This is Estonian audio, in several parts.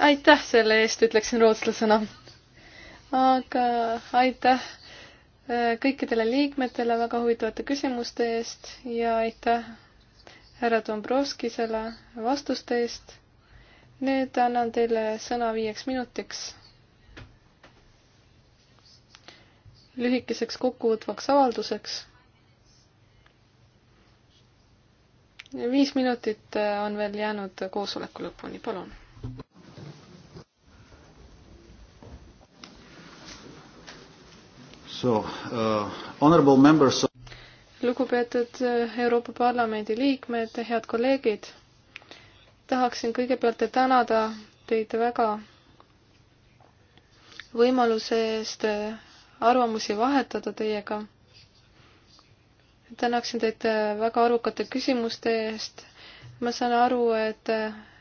aitäh selle eest, ütleksin rootslasena. aga aitäh äh, kõikidele liikmetele väga huvitavate küsimuste eest ja aitäh härra Dombrovskisele vastuste eest. nüüd annan teile sõna viieks minutiks. lühikeseks kokkuvõtvaks avalduseks. viis minutit äh, on veel jäänud koosoleku lõpuni, palun So, uh, members... lugupeetud uh, Euroopa Parlamendi liikmed, head kolleegid, tahaksin kõigepealt tänada teid väga võimaluse eest uh, arvamusi vahetada teiega. tänaksin teid uh, väga arukate küsimuste eest. ma saan aru, et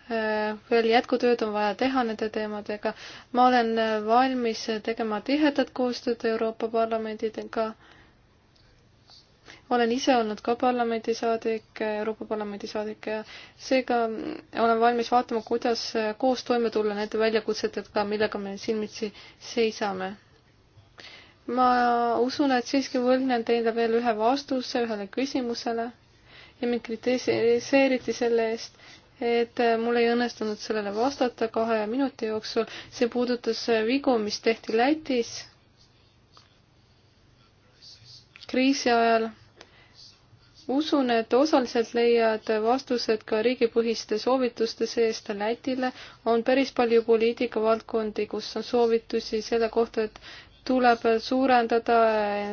Äh, veel jätkutööd on vaja teha nende teemadega. ma olen äh, valmis äh, tegema tihedat koostööd Euroopa Parlamendidega. olen ise olnud ka parlamendisaadik, Euroopa Parlamendi saadik ja seega mm, olen valmis vaatama, kuidas koos toime tulla nende väljakutsetega, millega me silmitsi seisame ma usun, et siiski võlgnen teile veel ühe vastuse ühele küsimusele ja mind kritiseeriti selle eest, et äh, mul ei õnnestunud sellele vastata kahe minuti jooksul. see puudutas äh, vigu, mis tehti Lätis kriisi ajal. usun, et osaliselt leiad vastused ka riigipõhiste soovituste seest Lätile. on päris palju poliitikavaldkondi, kus on soovitusi selle kohta, et tuleb suurendada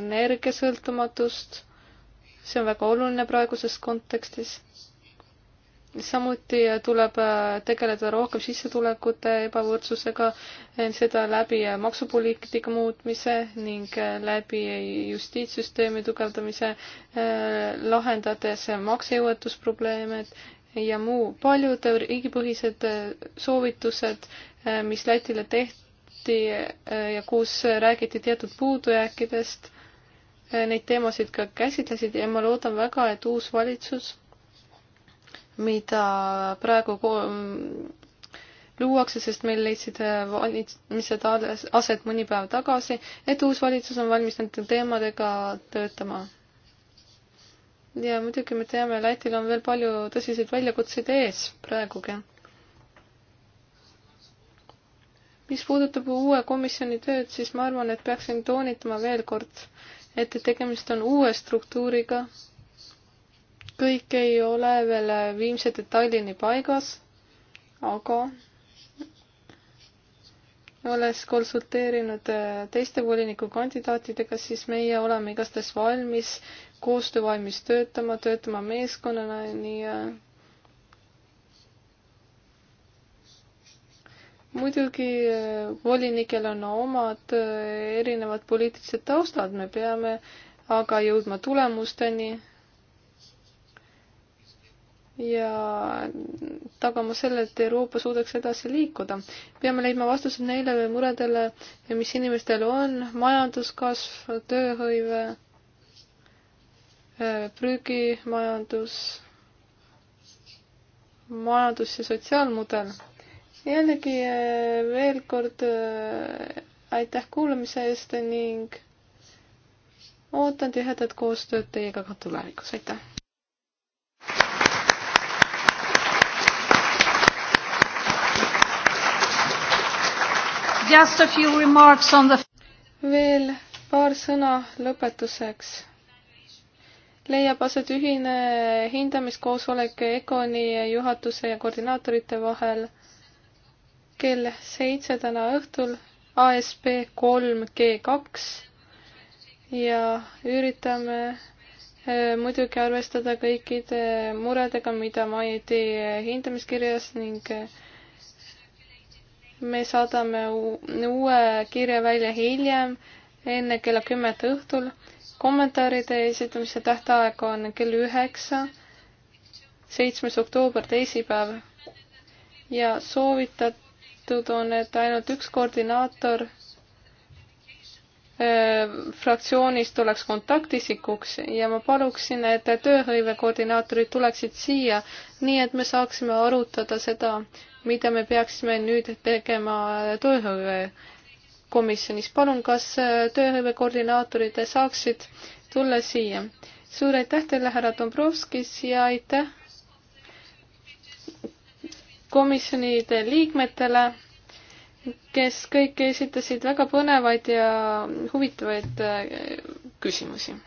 energiasõltumatust. see on väga oluline praeguses kontekstis samuti tuleb äh, tegeleda rohkem sissetulekute ebavõrdsusega, äh, seda läbi äh, maksupoliitika muutmise ning läbi justiitssüsteemi tugevdamise, lahendades maksejõuetusprobleemid ja muu. paljud riigipõhised soovitused, mis Lätile tehti ja kus räägiti teatud puudujääkidest, neid teemasid ka käsitlesid ja ma loodan väga, et uus valitsus mida praegu mm, luuakse, sest meil leidsid äh, valimised aset mõni päev tagasi, et uus valitsus on valmis nende teemadega töötama. ja muidugi me teame, Lätil on veel palju tõsiseid väljakutseid ees praegugi. mis puudutab uue komisjoni tööd, siis ma arvan, et peaksin toonitama veel kord, et tegemist on uue struktuuriga, kõik ei ole veel viimse detailini paigas, aga olles konsulteerinud äh, teiste volinikukandidaatidega, siis meie oleme igastahes valmis, koostöövalmis töötama, töötama meeskonnana, nii äh, muidugi äh, volinikel on omad erinevad poliitilised taustad, me peame aga jõudma tulemusteni ja tagama selle, et Euroopa suudaks edasi liikuda. peame leidma vastused neile muredele, mis inimestel on, majanduskasv, tööhõive, äh, prügimajandus, majandus ja sotsiaalmudel. jällegi äh, veel kord äh, aitäh kuulamise eest ning ootan tihedat koostööd teiega ka tulevikus, aitäh! Just a few remarks on the veel paar sõna lõpetuseks. leiab aset ühine hindamiskoosolek EKONi juhatuse ja koordinaatorite vahel kell seitse täna õhtul ASP kolm G kaks ja üritame eh, muidugi arvestada kõikide muredega, mida mainiti hindamiskirjas ning eh, me saadame uue kirja välja hiljem, enne kella kümmet õhtul. kommentaaride esitamise tähtaeg on kell üheksa, seitsmes oktoober, teisipäev. ja soovitatud on, et ainult üks koordinaator Äh, fraktsioonist oleks kontaktisikuks ja ma paluksin, et tööhõive koordinaatorid tuleksid siia, nii et me saaksime arutada seda, mida me peaksime nüüd tegema tööhõive komisjonis. palun, kas äh, tööhõive koordinaatorid saaksid tulla siia? suur aitäh teile, härra Dombrovskis ja aitäh komisjonide liikmetele kes kõik esitasid väga põnevaid ja huvitavaid äh, küsimusi